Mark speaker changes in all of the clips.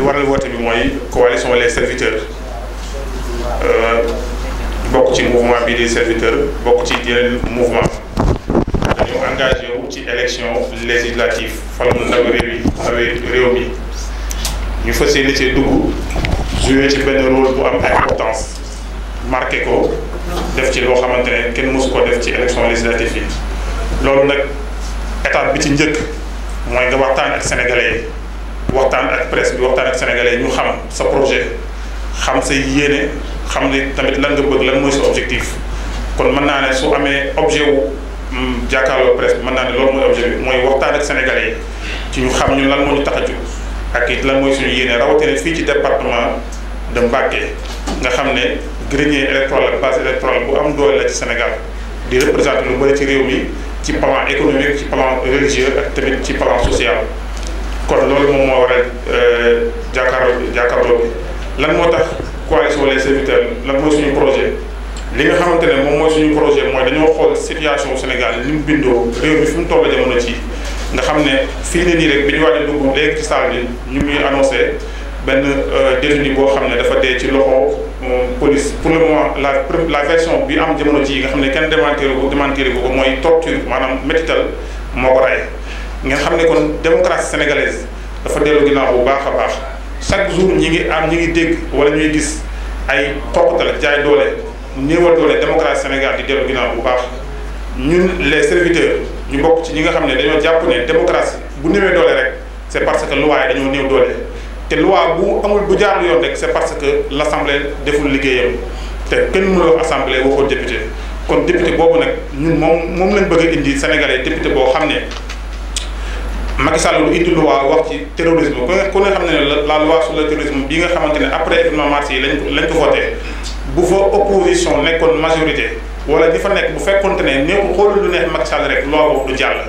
Speaker 1: li waral woote bi mooy coalition les serviteurs euh, bokk ci mouvement bi des serviteurs bokk ci yeneen mouvement dañoo engagé ci élection législative falum ndaw réew yi ndaw réew mi ñu fas yéene cee dugg joué ci benn rôle bu am importance marqué ko def ci loo xamante ne kenn mosu ko def ci élection législative yi loolu nag étape bi ci njëkk mooy nga waxtaan ak sénégalais yi waxtaan ak presse bi waxtaan ak sénégalais ñu xam sa projet xam sa yéene xam ne tamit lan nga bëgg lan mooy sa objectif kon mën naa ne su amee objet wu mm, jàkkaarloo presse mën naa ne loolu mooy objet bi mooy waxtaan ak sénégalais yi ci ñu xam ñu lan moo ñu tax a jóg ak it lan mooy suñu yéene rawatina fii ci département de Mbacké nga xam ne grenier électoral ak base électorale bu am doole la ci Sénégal di représenter lu bëri ci réew mi ci plan économique ci plan religieux ci plan social kon loolu moom moo waral euh, jàkkaarloo jàkkaarloo bi lan moo tax coalition les serviteurs lan mooy suñu projet li nga xamante ne moom mooy suñu projet mooy dañoo xool situation Sénégal li mu bindoo réew mi fi mu toll jamono ci nga xam ne fii ne nii rek bi ñu waaj a dugg léegi ci salle ñu muy annoncé benn euh, détenu boo xam ne dafa dee ci loxo euh, police pour le moment la la version bi am jamono ji nga xam ne kenn démentir ko démentir ko mooy torture maanaam métital moo ko ngeen xam ne kon démocratie sénégalaise dafa dellu ginnaaw bu baax a baax chaque jour ñi ngi am ñi ngi dégg wala ñuy gis ay xoqatal jaay doole néewal doole démocratie Sénégal di dellu ginnaaw bu baax ñun les serviteurs ñu bokk ci ñi nga xam ne dañoo jàpp ne démocratie bu néewee doole rek c'est parce que loi yi dañoo néew doole te luwaa bu amul bu jaarlu yoon rek c'est parce que l'assemblée deful liggéeyam te kenn mënoo assemblée waxoo député kon député boobu nag ñun moom moom lañ bëgg a indi sénégalais député boo xam ne Macky Sall lu indi loi wax ci terrorisme ku ne ku ne xam ne ne la loi sur le terrorisme bi nga xamante ne après événement mars yi lañ ko lañ ko voté bu fa wala di fa nekk bu fekkonte ne nee ko lu neex Macky Sall rek loi jàll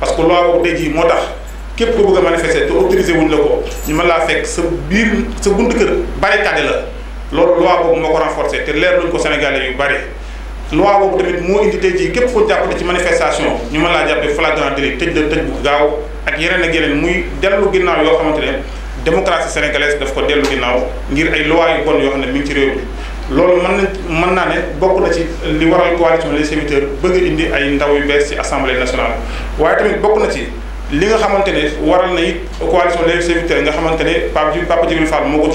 Speaker 1: parce que loi boobu tey jii moo tax képp ko bëgg a manifester te autorisé wuñ la ko ñu mën laa fekk sa biir sa buntu kër barricade la loolu loi boobu ma ko renforcer te leer luñ ko sénégalais yu bari loi boobu tamit moo indi tey képp ko jàppale ci manifestation ñu ma laa jàppee flagrant délit tëj la tëj bu gaaw ak yeneen ak yeneen muy dellu ginnaaw yoo xamante ne démocratie sénégalaise daf ko dellu ginnaaw ngir ay loi yu bon yoo xam ne mi ngi ci réew mi loolu mën na mën naa ne bokk na ci li waral coalition les serviteurs bëgg indi ay ndaw yu bees ci assemblée nationale waaye tamit bokk na ci li nga xamante ne waral na it coalition les serviteurs nga xamante ne Pape Djibril Fall moo ko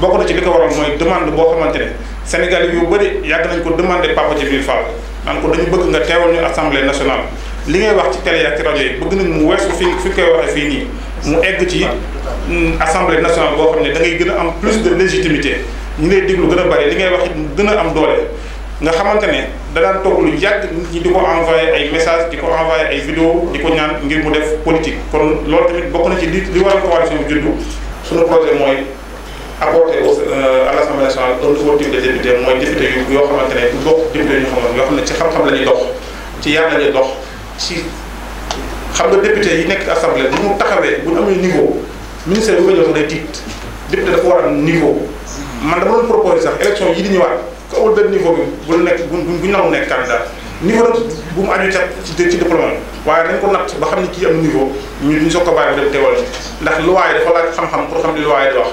Speaker 1: bokk na ci li ko waral mooy demande boo xamante ne yi yu bëri yàgg nañ ko demandé Papa Djibril Fall naan ko dañu bëgg nga teewal ñu assemblée nationale li ngay wax ci télé ak ci rajo bëgg nañ mu weesu fi fi koy waxee fii nii mu egg ci mm, assemblée nationale boo xam ne da ngay gën a am plus de légitimité ñu lay déglu gën a bëri li ngay wax it mu gën a am doole nga xamante ne danaan toog lu yàgg nit ñi di ko envoyé ay message di ko envoyé ay vidéo di ko ñaan ngir mu def politique kon loolu tamit na ci li li waral coalition bi juddu suñu projet apporté euh, à l'Assemblée nationale un de député mooy yu yoo xamante ne du bokk député yu xam ne ñuy dox ci yar la xam nga député yi nekk assemblée bu mu taxawee bu ñu amee niveau ministère bu ko jox day tiit député dafa a niveau man dama doon proposé sax élection yi di ñëwaat ku amul benn niveau bi bu nekk bu ñu nangu nekk candidat niveau nag bu mu aju cat ci ci diplôme waaye dañ ko natt ba xam ne kii am niveau ñu ñu soog ko bàyyi dem teewal ndax luwaay dafa laaj xam-xam pour xam li luwaay di wax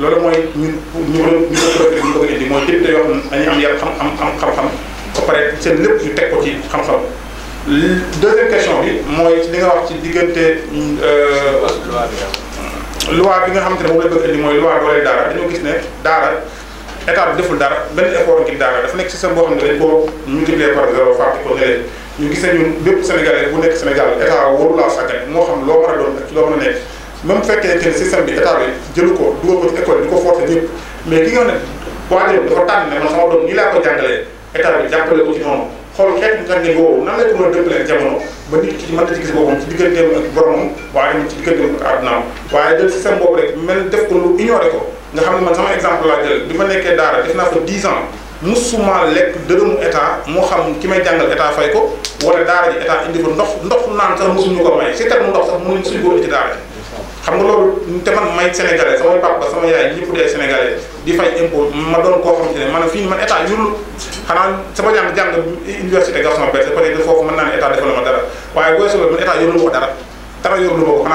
Speaker 1: loolu mooy ñun ñu ñu ñu ñu ko indi mooy directeur yoo xam dañuy am yar ba pare seen lépp teg ko ci xam-xam. deuxième question bi mooy li nga wax ci diggante. Euh, loi bi nga xam ne moom la bëgg indi mooy dañoo gis ne daara état bi deful dara benn effort ngir daara dafa nekk système boo xam ne dañ koo multiplier par zéro fàtte ko ne ñu gis ne ñun bépp Sénégalais bu nekk Sénégal état warul sàggane moo xam loo mën doon ak ci loo mën a nekk. même fekkee que système bi état bi jëlu ko dugal ko ci école di ko forcer ñëpp mais ki nga ne waajur dafa tànn ne man boobu nan la ko mën a dëppalee jamono ba nit ki mën na ci gis boppam ci digganteem ak boromam waaye tamit ci digganteem ak àddunaam waaye jël système boobu rek mel def ko lu ignoré ko nga xam ne man sama exemple laa jël bi ma nekkee daara def naa fa 10 ans musuma lekk dërëmu état moo xam ki may jàngal état fay ko wala daara ji état indi ko ndox ndox naan sax ko may si kat xam nga loolu te man may sénégalais samay papa sama yaay ñëpp dee sénégalais di fay impôt ma doon koo xamante ne man fii man état yurlu xanaa sama jàng ne ma dara waaye booy man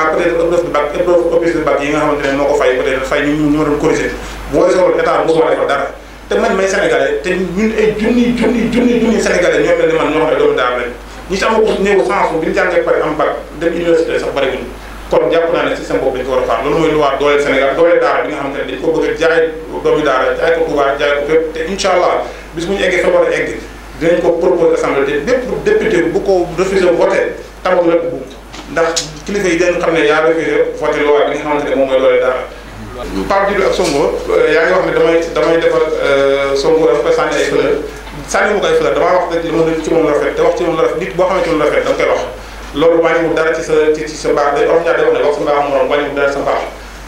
Speaker 1: état te man may sénégalais te ñun ay junni junni junni junni sénégalais kon jàpp naa ne système boobu dañ ko war a faat loolu mooy luwaa dooleel Sénégal dooleel daara bi nga xamante ne dañ ko bëgg a jaay doomi ko Touba jaay ko fépp a ndax kilifa yi ne yaa refusé voté luwaa bi nga xamante ne moom euh, yaa ngi ne damay damay defar euh, Sonko dafa koy ay fleur sànni mu la rafet te wax ci moom la rafet nit boo xam ne moom la rafet da koy wax loolu wàññiwul dara ci sa ci sa mbaax day am ñaar day wax ne wax sa mbaax morom wàññiwul dara sa mbaax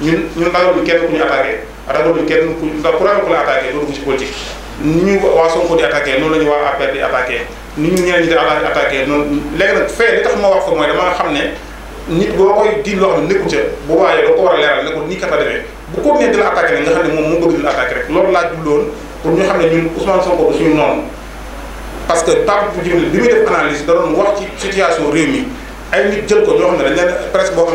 Speaker 1: ñun ñun nagaluñu kenn ku ñu attaqué la ni ñu waa Sonko di attaqué noonu la ñu waa APR di attaqué ni noonu léegi nag fee li tax ma wax ko mooy dama xam ne nit boo koy di loo xam ne nekku ca waaye ko war a leeral bu ko nee di la attaqué nag nga xam ne moom moo bëgg di la attaqué rek loolu laaj bu pour ñu xam ne ñun Ousmane Sonko du suñu noonu parce que Pape Djibril bi muy def analyse da doon wax ci situation réew mi ay nit jël ko ñoo xam ne dañ leen presque xaw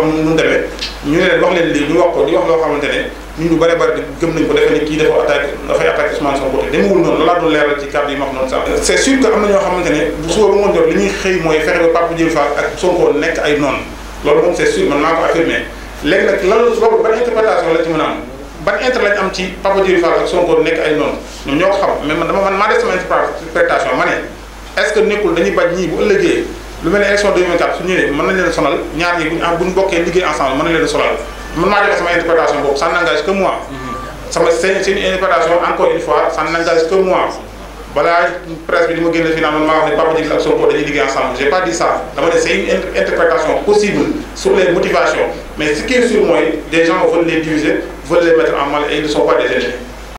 Speaker 1: am nu demee ñu ne leen wax leen lii ñu wax ko di wax loo xamante ne ñun ñu bëri bëri di gëm nañ ko defe ne kii dafa attaqué dafay attaqué Ousmane Sonko te demewul noonu la laa doon leeral ci kàddu yi ma wax noonu sax c'est sûr que am na ñoo xamante ne bu suba ba ngoon jot li xëy mooy fexe ba Pape Djibril Fall ak Sonko ko affirmé a ban intérêt lañ am ci Papa Djibril Fall ak Sonko nekk ay noonu ñoom ñoo ko xam mais man dama man maa def sama interprétation ma ne est ce que nekkul dañuy bañ ñii bu ëllëgee lu mel ne élection 2024 su ñëwee mën nañ leen sonal ñaar ñi buñ am buñ bokkee liggéey ensemble mën nañ leen sonal man maa def sama interprétation boobu ça n'engage que moi sama seen seen interprétation encore une fois ça n'engage que moi balaa presse bi ma génne fii naa mais ce vous allez mettre en mal et ils ne sont pas détenus